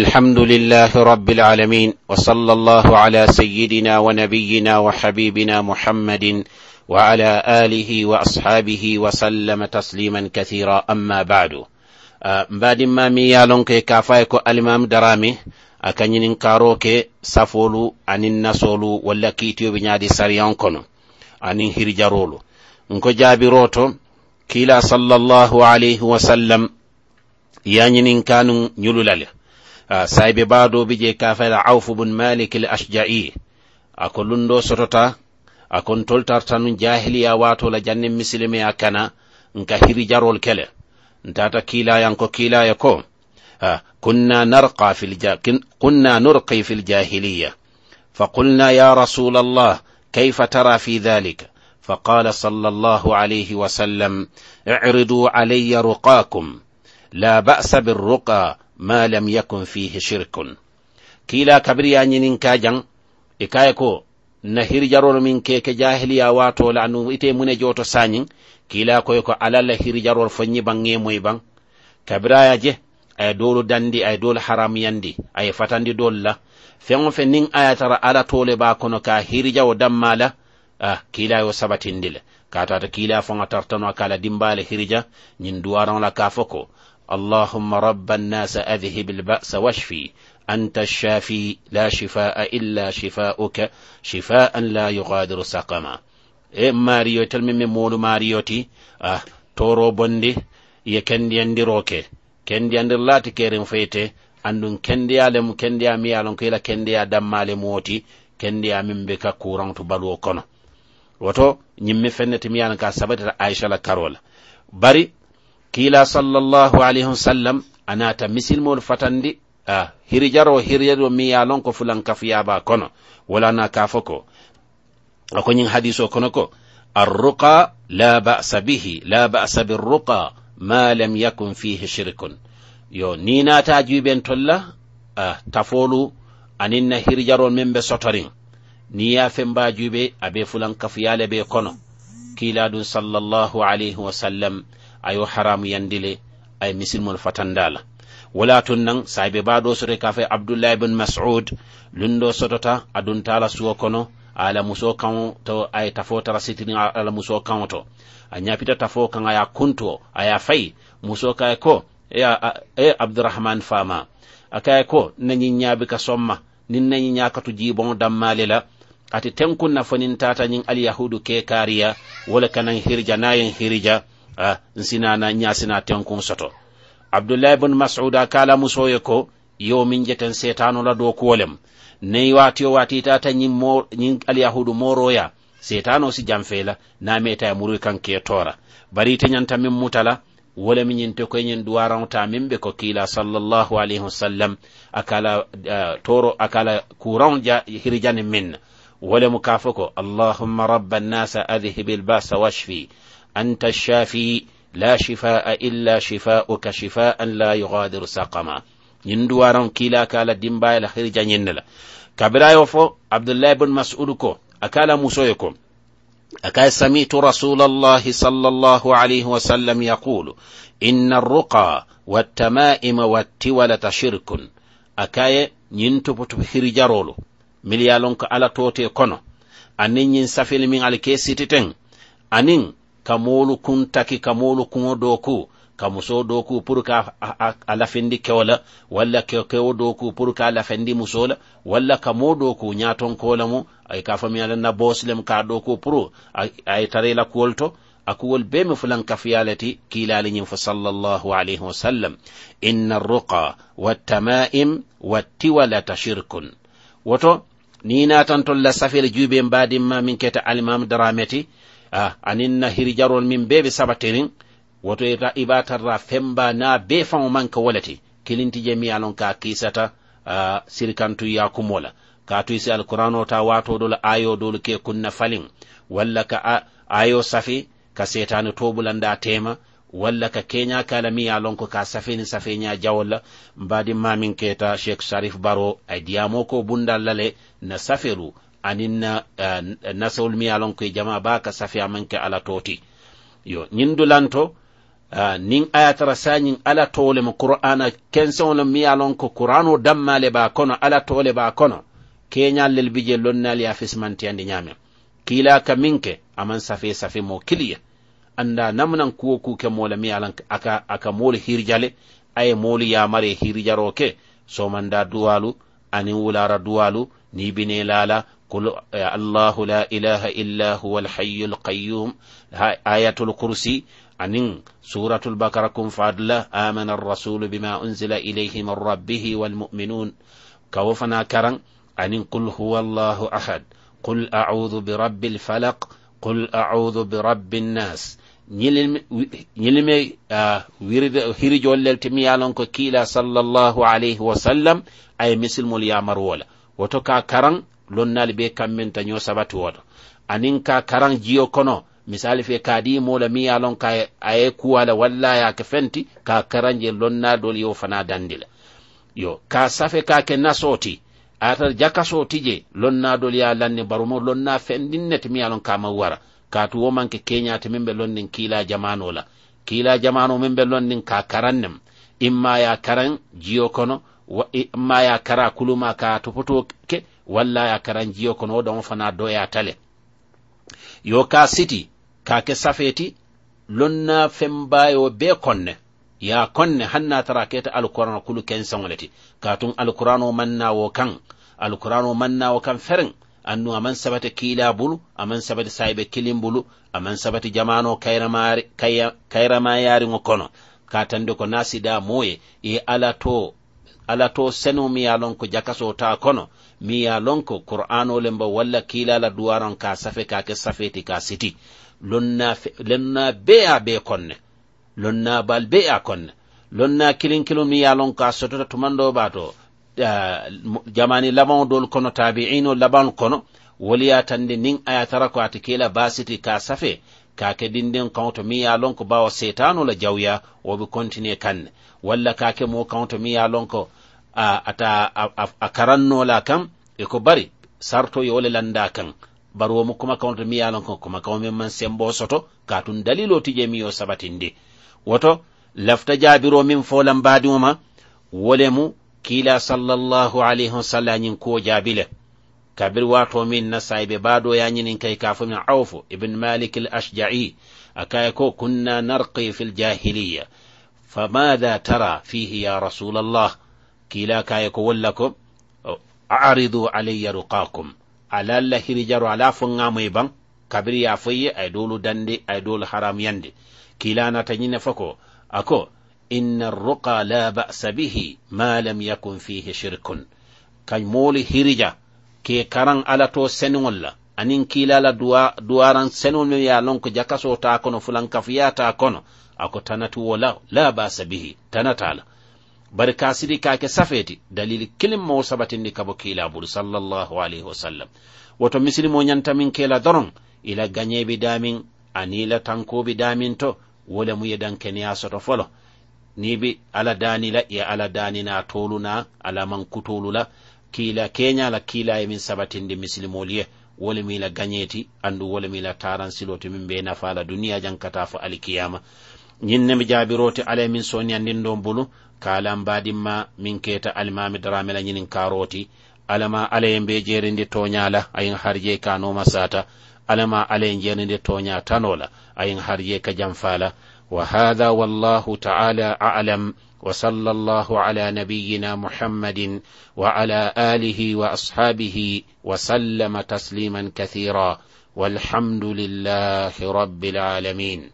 الحمد لله رب العالمين وصلى الله على سيدنا ونبينا وحبيبنا محمد وعلى آله وأصحابه وسلم تسليما كثيرا أما بعد بعد ما ميالون كي كافايكو الإمام درامي أكنين كاروكي سفولو عن النسولو ولا كيتيو بنادي سريان كونو عن هرجارولو نكو جابيروتو كيلا صلى الله عليه وسلم يعني كانوا نيلولالي saibe baado bi je ka awfu bun malik al ashja'i ako lundo sotota akon toltarta nun jahiliya wato la janne misilime a kana nka hiri jarol kele ntata kila kilaya ko ha kunna narqa fil kunna nurqi fil jahiliya فقلنا يا رسول الله كيف ترى في ذلك فقال صلى الله عليه وسلم اعرضوا علي رقاكم لا باس بالرقى ma lam yakun fihi shirkun kila kabriya nyinin kajan e kaye ko na hirjarol min keke jahiliya wato la anu ite mune joto sanyin kila koy ko alalla hirjarol fanyi ban ngey moy ban kabira ya je ay dolu dandi ay dolu haram yandi ay fatandi dolla fengo fe nin ayatara ala tole ba kono ka hirja o dammala ah kila yo sabatindile katata kila fonga tartano kala dimbala hirja nyin duwaron la kafoko اللهم رب الناس أذهب البأس واشفي أنت الشافي لا شفاء إلا شفاؤك شفاء لا يغادر سقما إيه ماريو تلمي من مولو ماريوتي أه toro bonde ye kendiyandiroke kendiyandir laati keren feyte andun kendiyalemu kendiya miyalon ko ila kendiya dammale muwoti ya min be ka kurantu baluwo kono woto ñimmi fenneti miyalan ka sabatita aisha la karola bari kiila sallallahu alayhi wasallam anata misilmol fatandi a hirijaro hirijaro mi ya lon fulan fulankafiyaba kono wala na ka fo ko akoñin hadiso kono ko arruqa la ba'sa bihi la ba'sa birruqa ma lam yakun fihi shirkun yo ni ta juɓen tolla a tafolu anin na hirjarol men be sotorin ni ya femba juɓe abe fulankafiyale be kono kila ɗum sallallahu alayhi wasallam ayo haramu yandile ay misilmol fatandala wala tun nan saybe baɗo ka kafe abdoullahi bin masud lundo sotota aduntala suwo kono ala muso kan to ay tafo tara sitini ala muso kan to a pita tafo kan aya kunto aya fai muso ka ko e, e fama akaye ko nya bi ka somma nin nañi ñakatu jiboŋo dammale la ati tenkun na fonin tata al alyahudu ke kariya wala kanan hirja nayin hirja a eh, nsinana ñasina tenkun soto abdulahi bun masuda kala ye ko yo min jeten setanola do kuwolem nayi waati yo tata ñin alyahudu moroya setano si janfela na meta ya muruy kanke tora bari te ñanta min mutala wala min ñinte koye ñin duwaranota min ɓe ko kiila sallallahu alayhi wasallam akala uh, eh, toro akala kuran ja hirjani min wolem mu kafo ko allahumma rabba annasa adhihibi albasa washfi أنت الشافي لا شفاء إلا شفاءك شفاء لا يغادر سقما يندوارن كلا كالا دمبا الخير جنينلا كبرا يوفو عبد الله بن مسؤولكو أكالا موسويكو أكاي سميت رسول الله صلى الله عليه وسلم يقول إن الرقى والتمائم والتولة شرك أكاي ينتبت بخير جرولو مليالونك على توتي كونو أنين ينسفل من على كيسي تتن أنين ka kun taki ka moolu kun doku ka muso doku ku ka a lafindi kewo la walla kewo doo ku ka a lafindi muso ka moo ku ñaaton ay ka famiyala na boslem ka doku ku ay a la kuwol mi fulan ka fiyalati kiilaali ñiŋ fo sallallahu alayhi wa sallam inna ruqa wattama'im wattiwalata shirkun woto ni na la safiri jube mbadi ma miŋ keta darameti ah anin na hirjarol min bebe sabatirin woto ita ibatarra femba na be faŋo maŋ ka walati kilinti je mi alon ka kisata kiisata ah, sirikantuya ya kumola ka tuyi isi alqur'ano ta wato dole ayo dole ke kunna falin walla ka ayo safi ka setani tobulan da tema walla ka kenya kalami alon ko ka safi ni safi nya jawla badi mamin keta sheikh sharif baro ay diamo ko bundal na safiru anin uh, eh, nasawol mi ye lon jama ba ka safiya man ke ala toti yo ñin dulanto uh, eh, nin a ye tara ala tole mo qur'ana kenseŋo lo mi ko qur'ano dammale ba kono ala tole ba kono keñal lel bije lonnal ya fismantiyandi ñamen kila ka min aman safe safe mo kiliye anda namunan kuwo kuke mola mi alan aka aka moli hirjale aye moli yamare hirjaro ke somanda duwalu anin wulara duwalu ni bine lala قل الله لا إله إلا هو الحي القيوم آية الكرسي عن سورة البقرة كن فادلة آمن الرسول بما أنزل إليه من ربه والمؤمنون كوفنا كرن عن قل هو الله أحد قل أعوذ برب الفلق قل أعوذ برب الناس ñilime wirde hirjollel temi yalon ko kiila sallllahu alayhi wa sallam aye misilmol yamar wola woto ka karan lonnali be kammen taño sabati woto anin ka karan jiyo kono misali fe kadi mola mi ya lon ka aye kuwala walla ya ke fenti ka karanje lonna dol yo fana dandila yo ka safe ka ke nasoti atar jakasoti je lonna dol ya lanne barumo lonna fendin net mi ya lon ka mawara ka tuwo manke keñate min be lonnin kila jamano la kila jamano min lonnin ka karannem imma ya karan jiyo kono wa imma ya kara kuluma ka to ke walla ya karan jiyo kono ɗon fana doyata tale. yo ka siti ka kake safeti lonna bayo be konne ya konne hanna tara keta alkurano kulu kensaŋo ka tun katun manna wo kan manna wo kan ferin annu aman sabata kiila bulu aman sabata saibe kilin bulu aman sabata jamano kayramayariŋo kono tande ko nasida moye e ala to ala to seno mi ya lon ko jakaso ta kono mi ya lon ko qur'ano lemba walla kiila la duwaron ka safe ka ke safeti ka siti lonna lonna be a be konne lonna bal be a konne lonna kilin kilin mi ye lon ka sotota tumando bato jamani labaŋo dol kono tabi'ino labaŋo kono wolu ye nin niŋ tara ko ate kela basiti ka safe kake ɗinɗen kawto mi ya lonko bawa setano la jawya woɓe continue kanne walla kake mo kawto mi ya lonko a ata a karannola kam e ko bari sarto yo landa kan bari womo kuma kawto mi ya lonko kuma kawmen man sembo soto katun dalilo tije mi yo sabatindi woto lafta jabiro min folan badiŋoma wolemu kila sallallahu alaihi wasallam ñin ko jaabile كابر واتو من نسعي بادو يعني كي كافو من عوف ابن مالك الأشجعي أكايكو كنا نرقي في الجاهلية فماذا ترى فيه يا رسول الله كيلا كايكو ولكم أعرضوا علي رقاكم على الله رجال على فنعم يبان كبير يا فيه أدول دندي أدول حرام يندي كلا نتجين فكو أكو إن الرقى لا بأس به ما لم يكن فيه شرك كي مولي هرجا ke karan ala to seniŋol la anin kila la duwa duwaran seniŋol meŋ ya a jaka so ta kono fulan kafiya ta kono a ko wala la ba sabihi tanata la bari ka sidi ka ke safeti dalili kilin mo sabatin ka bo kila bur sallallahu alaihi wasallam woto mo nyanta min kila doron ila bi damin ani la bi damin to wole mu ye dankeneya soto folo ni bi ala la ya ala tolu toluna ala kutulu la kila keñala kiila kila e min sabatindi misilimolu ye wo le miila andu wole mila taran siloti min be nafala duniya jan kata fo alikiyama ñin ne mi jaabirote ala min soniyandin don bulu kalan badinma min keta alimami daramela ñinin karoti alama ala ye mbe jerindi toñala ayin harje kanoma sata alama alayen jenende toña tanola ayin har ye ka janfala وهذا والله تعالى أعلم وصلى الله على نبينا محمد وعلى آله وأصحابه وسلم تسليما كثيرا والحمد لله رب العالمين